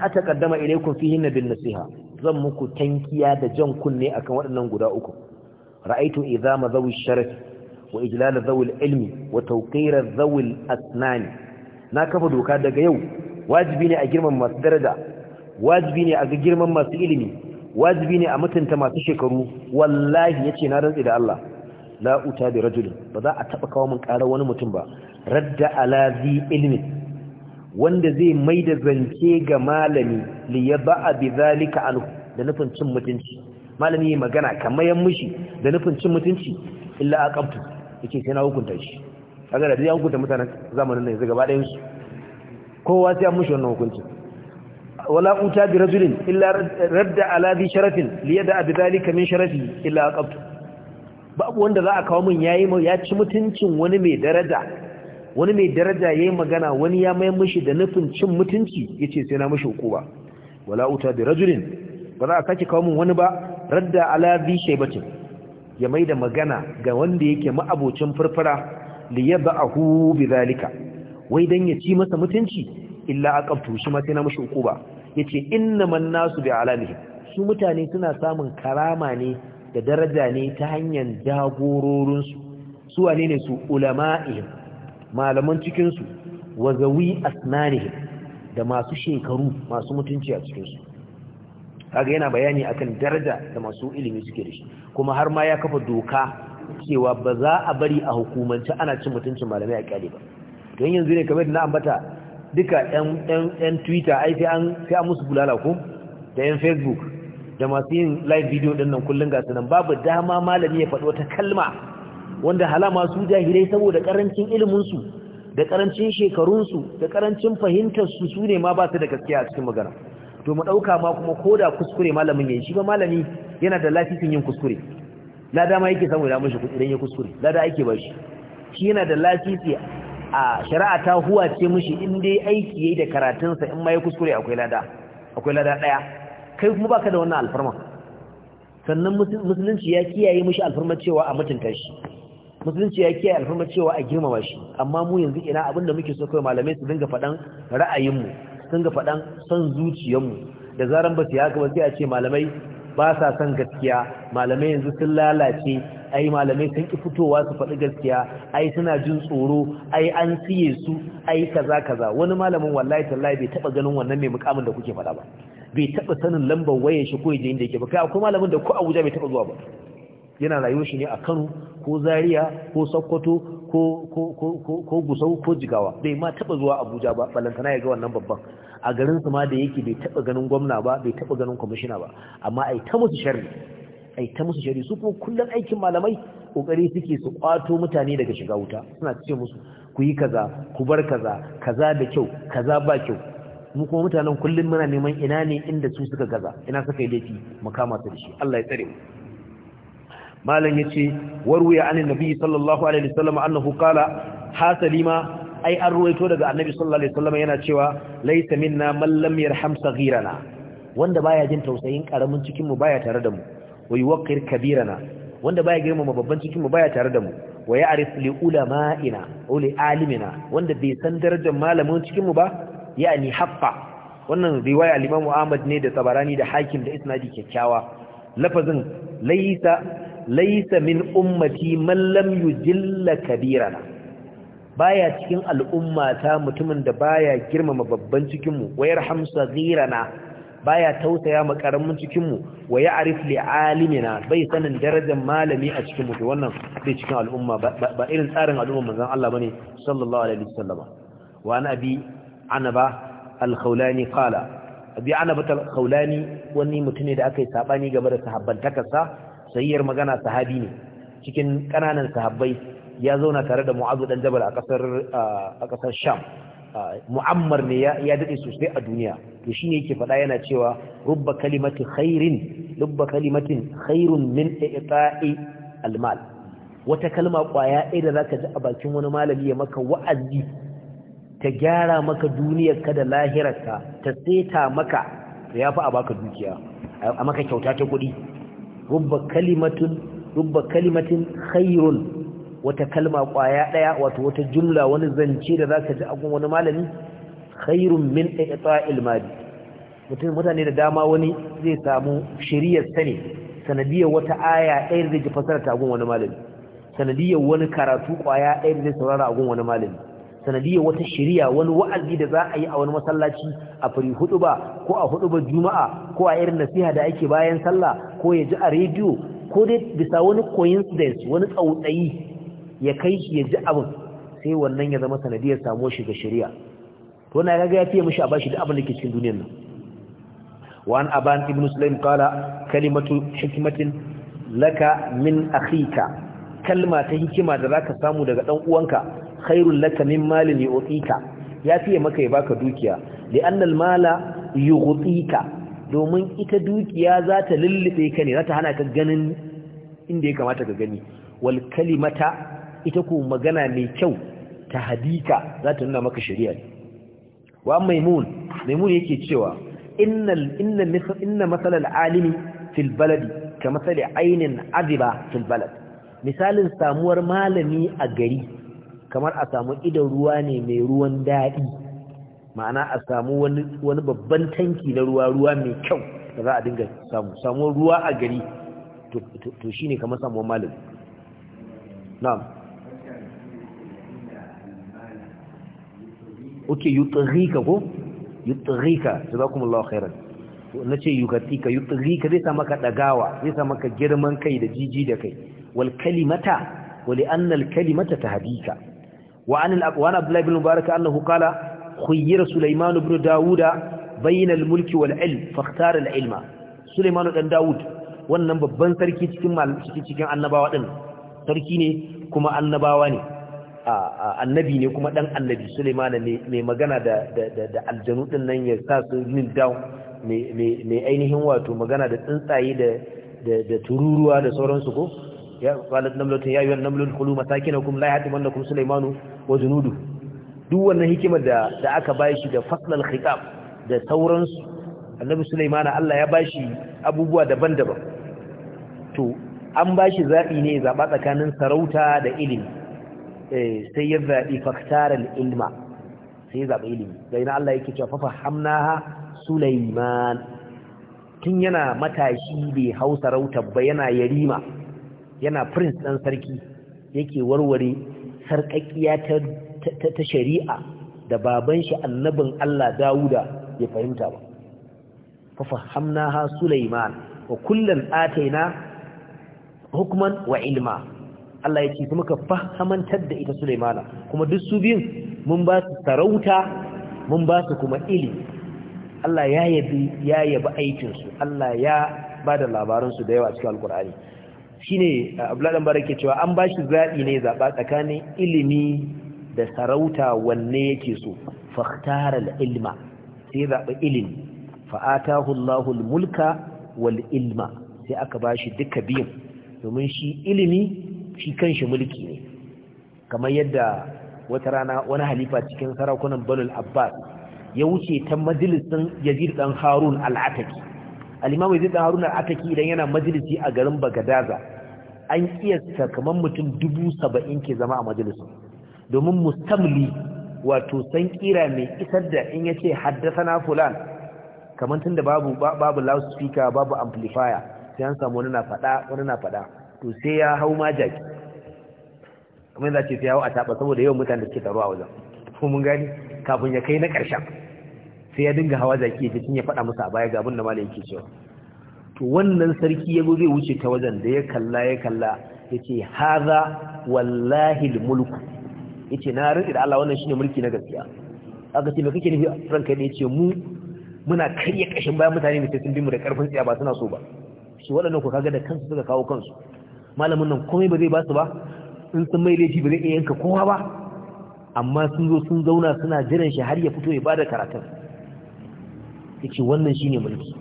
a taƙaddama ilaikun fihin na bin nasiha zan muku tankiya da jan kunne akan waɗannan guda uku ra'aitu izama zawi sharaf wa ijlala zawil ilmi wa tawqira zawil asnani na kafa doka daga yau wajibi ne a girman masu daraja wajibi ne a ga girman masu ilimi wajibi ne a mutunta masu shekaru wallahi yace na rantsi da Allah la uta bi rajulin ba za a taɓa kawo min karar wani mutum ba radda ala zi ilmin wanda zai mai da zance ga malami li ya ba'a bi zalika anhu da nufin cin mutunci malami ya magana kamayan mushi da nufin cin mutunci illa aqabtu yace sai na hukunta shi kaga da ya hukunta mutanen zamanin nan yanzu gaba ɗayan su kowa sai an mushi wannan hukunci wala uta bi rajulin illa radda ala zi sharafin li yada bi zalika min sharafi illa aqabtu babu wanda za a kawo min yayi ya ci mutuncin wani mai daraja wani mai daraja yi magana wani ya mai mishi da nufin cin mutunci yace sai na mishi hukuba wala uta bi rajulin ba za a sake kawo mun wani ba radda ala bi shaybatin ya mai da magana ga wanda yake ma'abocin furfura li yab'ahu bi zalika wai dan ya ci masa mutunci illa aqabtu shi ma sai na mishi hukuma yace innaman nasu bi alamihim su mutane suna samun karama ne da daraja ne ta hanyar jagororinsu su wane ne su ulama'ihim malaman cikinsu wa zawi asnanihim da masu shekaru masu mutunci a cikinsu kaga yana bayani akan daraja da masu ilimi suke da shi kuma har ma ya kafa doka cewa ba za a bari a hukumance ana cin mutuncin malamai a kyale ba don yanzu ne kamar da na ambata duka yan twitter ai sai an musu bulala ko da yan facebook da masu yin live video din nan kullum ga sunan babu dama malami ya faɗi wata kalma wanda halama su jahilai saboda karancin iliminsu da karancin shekarunsu da karancin fahimtarsu su ne ma ba su da gaskiya a cikin magana to mu ɗauka ma kuma ko da kuskure malamin yayi shi ba malami yana da lafifin yin kuskure lada ma yake samu da mashi idan ya kuskure lada ake ba shi shi yana da lafifi a shari'a ta huwa ce mishi in dai aiki yayi da karatunsa in ma ya kuskure akwai lada akwai lada ɗaya kai kuma baka da wannan alfarma sannan musulunci ya kiyaye mishi alfarma cewa a mutunta shi musulunci ya kiyaye alfarma cewa a girmama shi amma mu yanzu ina abinda muke so kai malamai su dinga faɗan ra'ayinmu su dinga faɗan son zuciyarmu da zaran ba su ya ba sai a ce malamai ba sa son gaskiya malamai yanzu sun lalace ai malamai sun ki fitowa su faɗi gaskiya ai suna jin tsoro ai an siye su ai kaza kaza wani malamin wallahi tallahi bai taɓa ganin wannan mai mukamin da kuke faɗa ba bai taɓa sanin lambar wayar shi ko yaje inda yake ba kai akwai malamin da ko Abuja bai taɓa zuwa ba yana rayuwar shi ne a Kano ko Zaria ko Sokoto ko Gusau ko Jigawa bai ma taba zuwa Abuja ba balantana ya ga wannan babban a garin su ma da yake bai taba ganin gwamna ba bai taba ganin kwamishina ba amma ai ta musu sharri ai ta musu su kuma kullum aikin malamai kokari suke su kwato mutane daga shiga wuta suna ce musu ku yi kaza ku bar kaza kaza da kyau kaza ba kyau mu kuma mutanen kullum muna neman ina ne inda su suka gaza ina suka yi laifi mu kama su da shi Allah ya tsare mu malam yace warwiya an annabi sallallahu alaihi wasallam annahu qala hasalima ai an ruwaito daga annabi sallallahu alaihi wasallam yana cewa laysa minna man lam yarham saghirana wanda baya jin tausayin karamin cikin mu baya tare da mu wa yuwaqqir kabirana wanda baya girmama babban cikin mu baya tare da mu wa ya'rif li ulama'ina uli alimina wanda bai san darajar malamin cikin mu ba yani haffa. wannan riwaya al-Imam Ahmad ne da Tabarani da Hakim da Isnadi kyakkyawa lafazin laysa laisa min ummati man lam yujilla kabirana baya cikin al'ummata mutumin da baya girmama babban cikin mu wa yarham saghirana baya tausaya ma karamin cikin mu wa ya'rif li alimina bai sanin darajar malami a cikin mu to wannan bai cikin al'umma ba irin tsarin al'umma manzon Allah bane sallallahu alaihi wasallama wa an abi anaba al-khawlani qala abi anaba al-khawlani wani mutune da aka yi sabani game da sahabbantakarsa sayyar magana sahabi ne cikin ƙananan sahabbai ya zauna tare da mu'azu dan jabal a ƙasar a sham mu'ammar ne ya dade sosai a duniya to shine yake faɗa yana cewa rubba kalimati khairin rubba kalimatin khairun min i'ta'i almal wata kalma kwaya ɗaya da zaka ji a bakin wani malami ya maka wa'azi ta gyara maka duniyar ka da lahirarka ta seta maka to yafi a baka dukiya a maka kyauta ta kuɗi rubba kalimatun rubba kalimatin khairun wata kalma kwaya daya wato wata jumla wani zance da zaka ji a gun wani malami khairun min ita'il madi mutum mutane da dama wani zai samu shiriyar sane sanadiyar wata aya ɗaya zai ji fasara ta gun wani malami sanadiyar wani karatu kwaya ɗaya zai saurara a gun wani malami sanadiyar wata shirya wani wa'azi da za a yi a wani masallaci a fari hudu ba ko a hudu ba juma'a ko a irin nasiha da ake bayan sallah ko ya ji a rediyo ko dai bisa wani coincidence wani tsautsayi ya kai shi ya ji abin sai wannan ya zama sanadiyar samuwar shiga shirya to na ga ya fiye mishi a bashi da abin da ke cikin duniyar nan Wani وعن أبان ابن laka min كلمة kalima ta ta hikima da هكما samu daga دقاء uwanka. khairul laka min malin yu'tika ya fiye maka ya baka dukiya li'anna al-mala yughtika domin ita dukiya za ta lullube ka ne za ta hana ka ganin inda ya kamata ka gani wal kalimata ita ko magana mai kyau ta hadika za ta nuna maka shari'a wa maimun maimun yake cewa innal inna inna alimi fil baladi ka masali ainin adiba fil balad misalin samuwar malami a gari kamar a samu idan ruwa ne mai ruwan daɗi ma'ana a samu wani babban tanki na ruwa ruwa mai kyau da za a dinga samu samu ruwa a gari to shi ne kamar samuwar malin na'am oke ka ko ka, su za kuma lawakhairar na ce yutarika ka, zai sa ka ɗagawa zai sa ka girman kai da jiji da kai wal kalimata wali annal kalimata ta hadika وعن عبد الله بن مبارك أنه قال خير سليمان بن داود بين الملك والعلم فاختار العلم سليمان بن داود wannan babban sarki cikin cikin annabawa din sarki ne kuma annabawa ne annabi ne kuma dan annabi Sulaiman ne mai magana da da aljanu din nan ya sa su kneel down mai ainihin wato magana da tsuntsaye da da tururuwa da sauransu ko ya qalat namlatun ya ayyuhan namlun khulu masakinakum la yahtimannakum sulaymanu wa junudu duk wannan hikimar da da aka bashi da faslal khitab da sauransu annabi sulaymana Allah ya bashi abubuwa daban-daban to an bashi zabi ne zaba tsakanin sarauta da ilimi eh sai ya zabi faktaral ilma sai ya zabi ilimi dai na Allah yake cewa fa fahamnaha sulayman tun yana matashi bai hausa rautar ba yana yarima yana prince ɗan sarki yake warware sarƙaƙiya ta shari'a da baban shi annabin Allah Dawuda ya fahimta ba fa ha Sulaiman wa kullan ataina hukman wa ilma Allah yake kuma ka fahamantar da ita Sulaimana kuma duk su biyun mun ba su sarauta mun ba su kuma ilimi Allah ya yabi ya aikin su Allah ya bada labaran su da yawa cikin Alkur'ani shine uh, abdullahi bara ke cewa an bashi zabi ne zaba tsakanin ilimi da sarauta wanne yake so fakhtara ilima, ilma sai zaba ilimi fa Allahu mulka wal ilma sai aka bashi duka biyun domin shi ilimi shi kanshi mulki ne kamar yadda wata rana wani halifa cikin sarakunan Banul Abbas ya wuce ta majalisin Yazid dan Harun al-Ataki alimamu imam zai da haruna ataki idan yana majalisi a garin bagadaza an kiyasta kamar mutum dubu saba'in ke zama a majalisin domin mustamli wato san kira mai isar da in yace haddasa fulan kamar da babu babu loudspeaker babu amplifier sai an samu wani na fada wani na fada to sai ya hau majaki kamar yadda ce sai ya hau a taba saboda yawan mutanen da suke taruwa wajen kuma mun gani kafin ya kai na ƙarshen sai ya dinga hawa zaki ya tun ya faɗa musu a baya ga abin da malam yake cewa to wannan sarki ya zai wuce ta wajen da ya kalla ya kalla ya ce haza wallahi mulku ya ce na rinsu da Allah wannan shine mulki na gaskiya aka ce mai kake nufi ranka da ya ce mu muna karya kashin bayan mutane mai sun bi mu da karfin tsiya ba suna so ba shi waɗannan ku kaga da kansu suka kawo kansu malamin nan komai ba zai ba su ba in sun mai laifi ba zai iya yanka kowa ba amma sun zo sun zauna suna jiran shi har ya fito ya bada karatun yace wannan shine mulki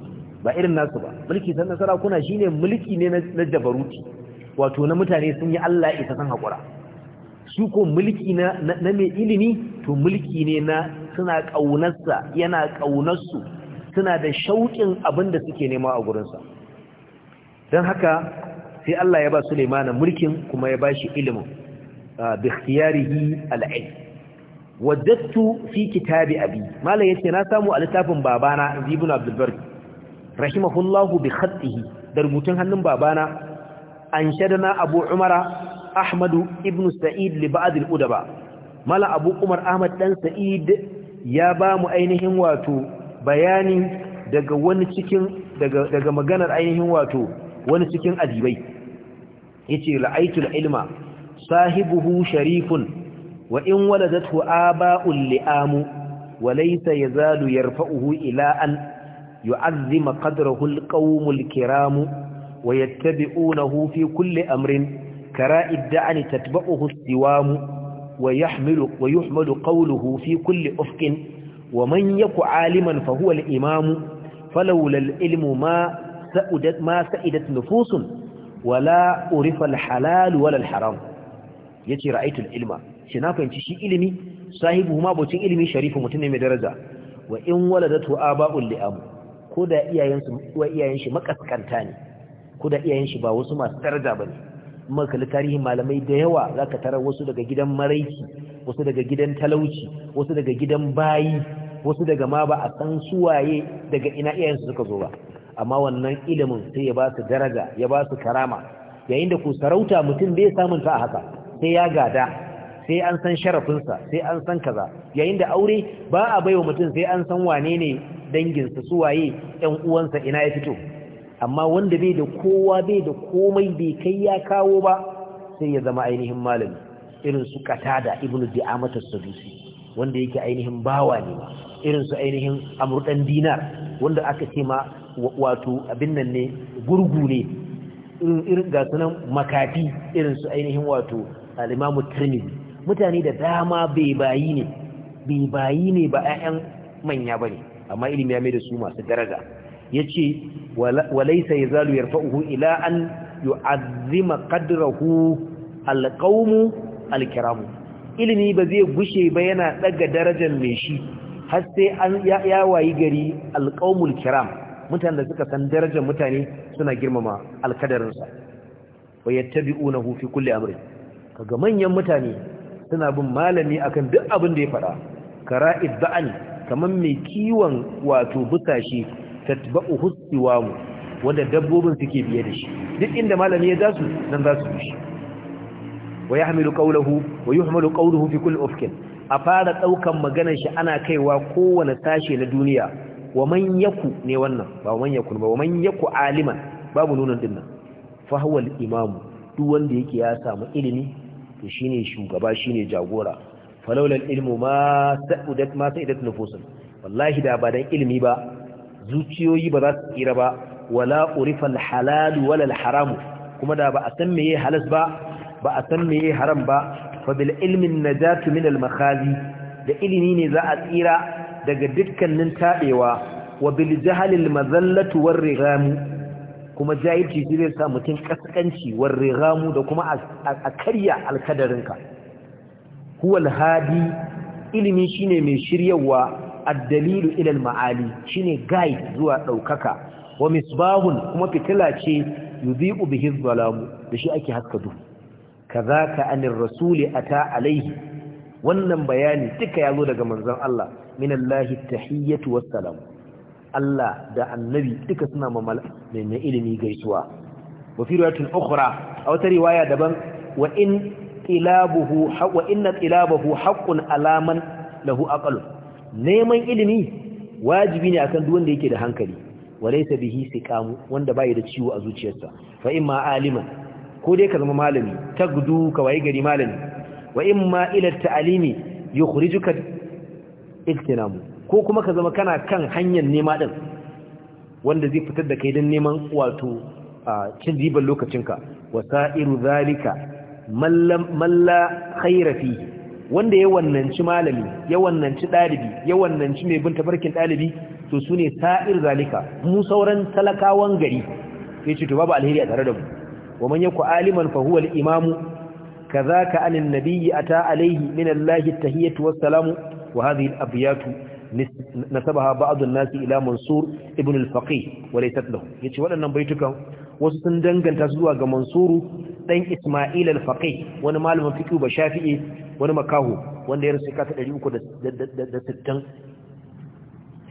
ba irin nasu ba mulki san nasara kuna shine mulki ne na dabaruti. wato na mutane sun yi Allah isa san hakura su ko mulki na na mai ilimi to mulki ne na suna ƙaunarsa yana ƙaunarsu suna da shauƙin abinda suke nema a gurinsa don haka sai Allah ya ba Suleimana mulkin kuma ya ba shi ilimin ah, bi ikhtiyarihi al wajattu fi kitabi abi malam yace na samu a littafin babana ibn abdul rahimahullahu bi khatihi da rubutun hannun babana anshadana abu umara ahmadu ibn sa'id li ba'd al udaba malam abu umar ahmad dan sa'id ya ba mu ainihin wato bayani daga wani cikin daga daga maganar ainihin wato wani cikin adibai yace la'aitul ilma sahibuhu sharifun وإن ولدته آباء لآم وليس يزال يرفعه إلى أن يعظم قدره القوم الكرام ويتبعونه في كل أمر كراء الدعن تتبعه السوام ويحمل, ويحمل قوله في كل أفق ومن يك عالما فهو الإمام فلولا العلم ما سئدت, ما سئدت نفوس ولا أرف الحلال ولا الحرام يتي رأيت العلم shi na fahimci shi ilimi sahibu ma bocin ilimi sharifu mutum ne mai daraja wa in waladatu aba'ul li'am ko da iyayen su wa iyayen shi makaskanta ne ko da iyayen shi ba wasu masu daraja bane amma kalli tarihin malamai da yawa zaka tarar wasu daga gidan maraici wasu daga gidan talauci wasu daga gidan bayi wasu daga ma ba a san waye daga ina iyayen su suka zo ba amma wannan ilimin sai ya ba su daraja ya ba su karama yayin da ku sarauta mutum bai samun sa a haka sai ya gada sai an san sharafinsa sai an san kaza yayin da aure ba a baiwa mutum sai an san wane ne danginsa su waye ɗan uwansa ina ya fito amma wanda bai da kowa bai da komai bai kai ya kawo ba sai ya zama ainihin malami irin su katada ibnu di'amata sadusi wanda yake ainihin bawa ne irin su ainihin amurdan dinar wanda aka ce ma wato abin nan ne gurgu ne irin ga sunan makafi irin su ainihin wato al-imamu tirmidhi mutane da dama bai bayi ne bai bayi ne ba 'ya'yan manya ba ne amma ilimi ya mai da su masu daraja ya ce walaisa ya zalu ya hu, ila an yu'azzima qadrahu alqawmu alkiramu ilimi ba zai gushe ba yana daga darajar mai shi har sai an ya wayi gari alqawmul kiram mutanen da suka san darajar mutane suna girmama alkadarinsa wa yattabi'unahu fi kulli amri kaga manyan mutane suna bin malami akan duk abin da ya faɗa kara ba'ani kamar mai kiwon wato butashi tatba'u hussiwamu wanda dabbobin suke biye da shi duk inda malami ya dasu nan za su shi wa yahmilu qawluhu wa yuhmalu qawluhu fi kulli ufkin a fara daukan maganar shi ana kaiwa kowane tashi na duniya wa man yaku ne wannan ba man yaku ba wa man yaku aliman babu nunan dinnan fa huwa al-imam duk wanda yake ya samu ilimi to shine shugaba ne jagora falawlal ilmu ma sa'udat ma sa'idat nufusun wallahi da ba dan ilimi ba zuciyoyi ba za su tsira ba wala urifa halalu wala haramu kuma da ba a san meye halas ba ba a san meye haram ba fabil ilmin ilmi najatu min al da ilimi ne za a tsira daga dukkanin taɓewa wa bil jahl al mazallatu war rigamu. kuma jahilci shi zai sa mutum kaskanci warrigamu da kuma a karya alkadarinka huwal hadi ilimi shine mai shiryawa addalilu dalilu maali shine guide zuwa daukaka wa misbahun kuma fitila ce yudhi'u bihi adh da shi ake haska duhu kazaka anir rasuli ata alaihi wannan bayani duka yazo daga manzon Allah minallahi at-tahiyyatu was Allah da annabi duka suna mamala. mai ilimi gaisuwa wa fi riwayatin ukhra a wata riwaya daban wa in qilabuhu wa inna qilabuhu haqqun alaman lahu aqal neman ilimi wajibi ne akan duk wanda yake da hankali walaysa bihi siqamu wanda bai da ciwo a zuciyarsa fa imma aliman ko dai ka zama malami tagdu ka waye gari malami wa imma ila ta'alimi yukhrijuka iktinamu ko kuma ka zama kana kan hanyar nema ɗin, wanda zai fitar da kai don neman wato cin ziban lokacinka wasa'iru zalika malla Khairafi, wanda ya wannanci malami ya wannanci ɗalibi, ya wannanci mai bin tafarkin ɗalibi, to sune sa'ir zalika mu sauran talakawan gari ce to babu alheri a tare da mu wa man yaku aliman fa imamu? Ka imamu ka anin nabiyyi ata alayhi min allahi at-tahiyyatu wasu salamu wa hadhihi al nasaba ba'dun nasi ila mansur ibn al-faqih wa laysat yace waɗannan baitukan wasu sun danganta su zuwa ga mansuru dan isma'il al-faqih wani malamin fiqh ba shafi'i wani makahu wanda ya ka ta 360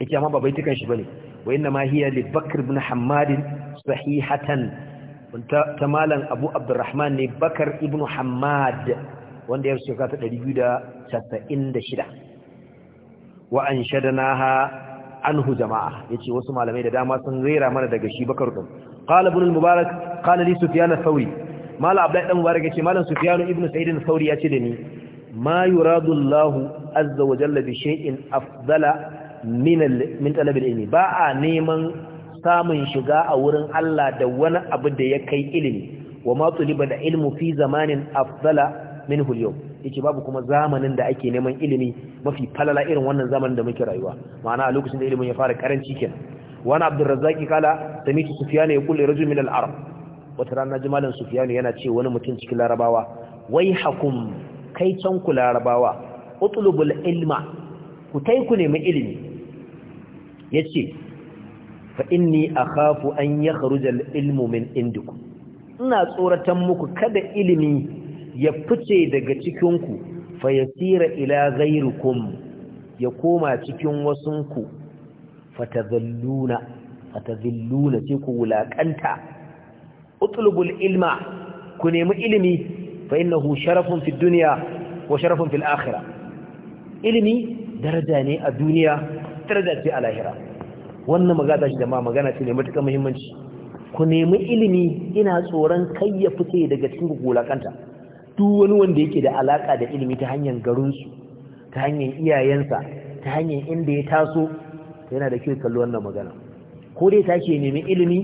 yake amma ba baitukan shi bane wa inna ma hiya li bakr ibn hammad sahihatan ta malam abu ne bakar ibn hammad wanda ya ka ta wa an shadanaha jama'a jama'a ce wasu malamai da dama sun rera mana daga shi bakar din qala ibn al-mubarak qala li sufyan al mala abdai mubarak malam sufyan ibn Saidin Sauri ya ce da ni ma yuradu Allahu azza wa jalla bi afdala min min talab ilmi ba a neman samun shiga a wurin Allah da wani abu da ya kai ilimi wa ma da ilmu fi zamanin afdala minhu al yake babu kuma zamanin da ake neman ilimi mafi falala irin wannan zamanin da muke rayuwa ma'ana a lokacin da ilimin ya fara karanci kenan wani abdurrazzaki kala samitu sufyan ya kulle rajul min al-arab wata rana jimalan sufyan yana ce wani mutum cikin larabawa wai hakum kai can ku larabawa utlubul ilma ku tai ku nemi ilimi yace fa inni akhafu an yakhruja al-ilmu min indikum ina tsoratan muku kada ilimi ya fice daga cikinku fa yasira ila zairukum ya koma cikin wasunku fatadhalluna fatadhilluna ku wulakanta utlubul ilma ku nemi ilimi fa innahu sharafun fid dunya wa ilimi daraja ne a duniya daraja ce a lahira wannan magana shi da ma magana ce ne matuƙar muhimmanci ku nemi ilimi ina tsoron kai ya fice daga cikin ku wulakanta duk wani wanda yake da alaka da ilimi ta hanyar garinsu ta hanyar iyayensa ta hanyar inda ya taso yana da kyau kallo wannan magana ko dai tashi ya nemi ilimi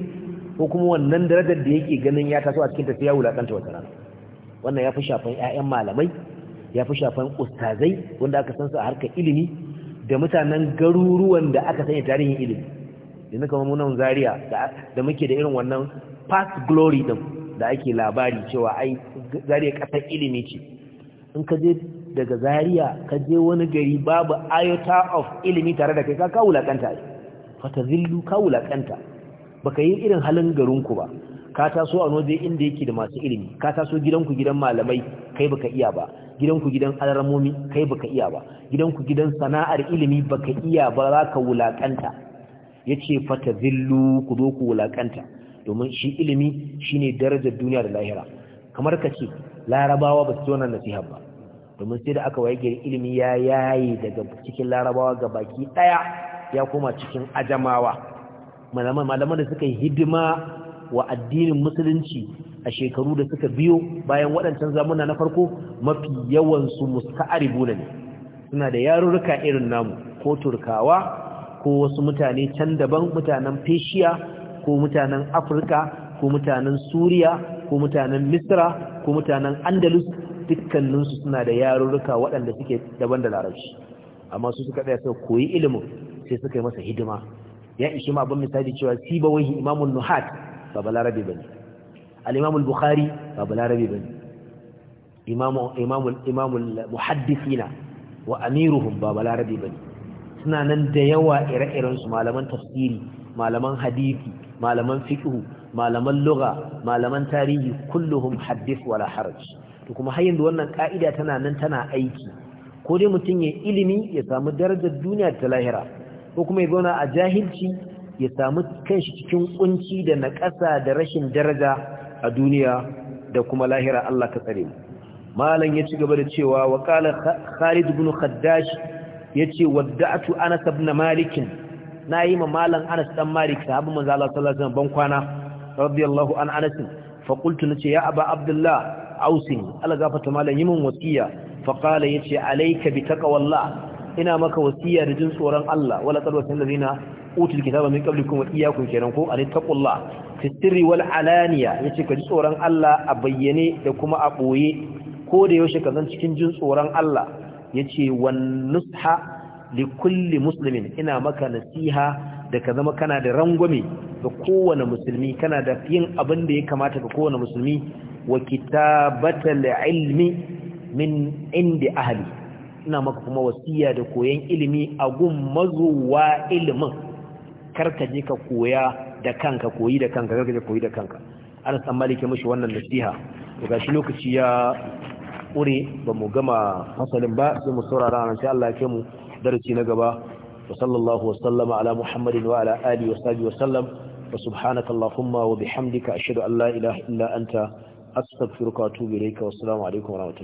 ko kuma wannan darajar da yake ganin ya taso a cikin tafiya ya wulakanta wata rana wannan ya fi shafan 'ya'yan malamai ya fi shafan ustazai wanda aka san su a harkar ilimi da mutanen garuruwan da aka sanya tarihin ilimi yanzu kamar munan zaria da muke da irin wannan past glory din da ake labari cewa ai zariya ƙasar ilimi ce in ka je daga zariya ka je wani gari babu ayota of ilimi tare da kai ka kawo wulaƙanta ne fata zillu ka wulaƙanta ka yi irin halin garinku ba ka taso a noje inda yake da masu ilimi ka taso gidanku gidan malamai kai baka iya ba gidanku gidan alramomi kai baka iya ba gidanku gidan sana'ar ilimi baka iya ba za ka wulaƙanta ya ce fata zillu ku zo ku wulaƙanta domin shi ilimi shi ne darajar duniya da lahira kamar ka ce larabawa ba su ci wannan nasiha ba domin sai da aka waye ilimi ya yaye daga cikin larabawa ga baki ɗaya ya koma cikin ajamawa malaman da suka yi hidima wa addinin musulunci a shekaru da suka biyo bayan waɗancan zamuna na farko mafi yawansu musta'aribuna ne suna da yarurruka irin namu ko turkawa ko wasu mutane can daban mutanen feshiya ko mutanen afirka ko mutanen suriya ko mutanen misra ko mutanen andalus dukkaninsu suna da yarurruka waɗanda suke daban da larabci amma su suka tsaya suka koyi ilimin sai suka yi masa hidima ya ishi ma abin misali cewa sibawahi imamun nuhat ba larabi bane al-imamul bukhari ba larabi bane imamul imamul muhaddisina wa amiruhum ba larabi bane suna nan da yawa ire-iren su malaman tafsiri malaman hadisi malaman fiqh malaman lugha malaman tarihi kulluhum hadith wala haraj to kuma har yanzu wannan ka'ida tana nan tana aiki ko dai mutum ya ilimi ya samu darajar duniya ta lahira ko kuma ya zauna a jahilci ya samu kanshi cikin kunci da naƙasa da rashin daraja a duniya da kuma lahira Allah ka tsare mu malam ya ci gaba da cewa wa qala Khalid ibn Khaddash yace wadda'atu Anas ibn Malik nayi ma malan Anas dan Malik sahabu manzo Allah sallallahu alaihi wasallam ban kwana radiyallahu an Anas fa qultu nace ya aba Abdullah ausini Allah gafarta malan min wasiya fa qala yace alayka bi taqwallah ina maka wasiya da jin tsoron Allah wala qad wasal utul kitaba min qablikum wa iyyakum kenan ko alay taqullah fi sirri wal alaniya yace ka ji tsoron Allah a bayyane da kuma a boye ko da yaushe ka zan cikin jin tsoron Allah Ya ce nusha li kulli musulmin ina maka nasiha da ka zama kana da rangwame ga kowane musulmi kana da yin abin da ya kamata ga kowane musulmi wa kitabatal ilmi min inda ahali ina maka kuma wasiya da koyon ilimi a gun mazuwa ilimin karka je ka koya da kanka koyi da kanka karka je koyi da kanka an san malike mishi wannan nasiha to lokaci ya ƙure ba mu gama fasalin ba sai mu saurara ran sai Allah ya mu darasi na gaba wa sallallahu wa sallama ala muhammadin wa ala ali wa sahbihi wa sallam wa subhanaka allahumma wa bihamdika ashhadu an la ilaha illa anta astaghfiruka wa atubu ilayka wa assalamu alaikum wa rahmatullahi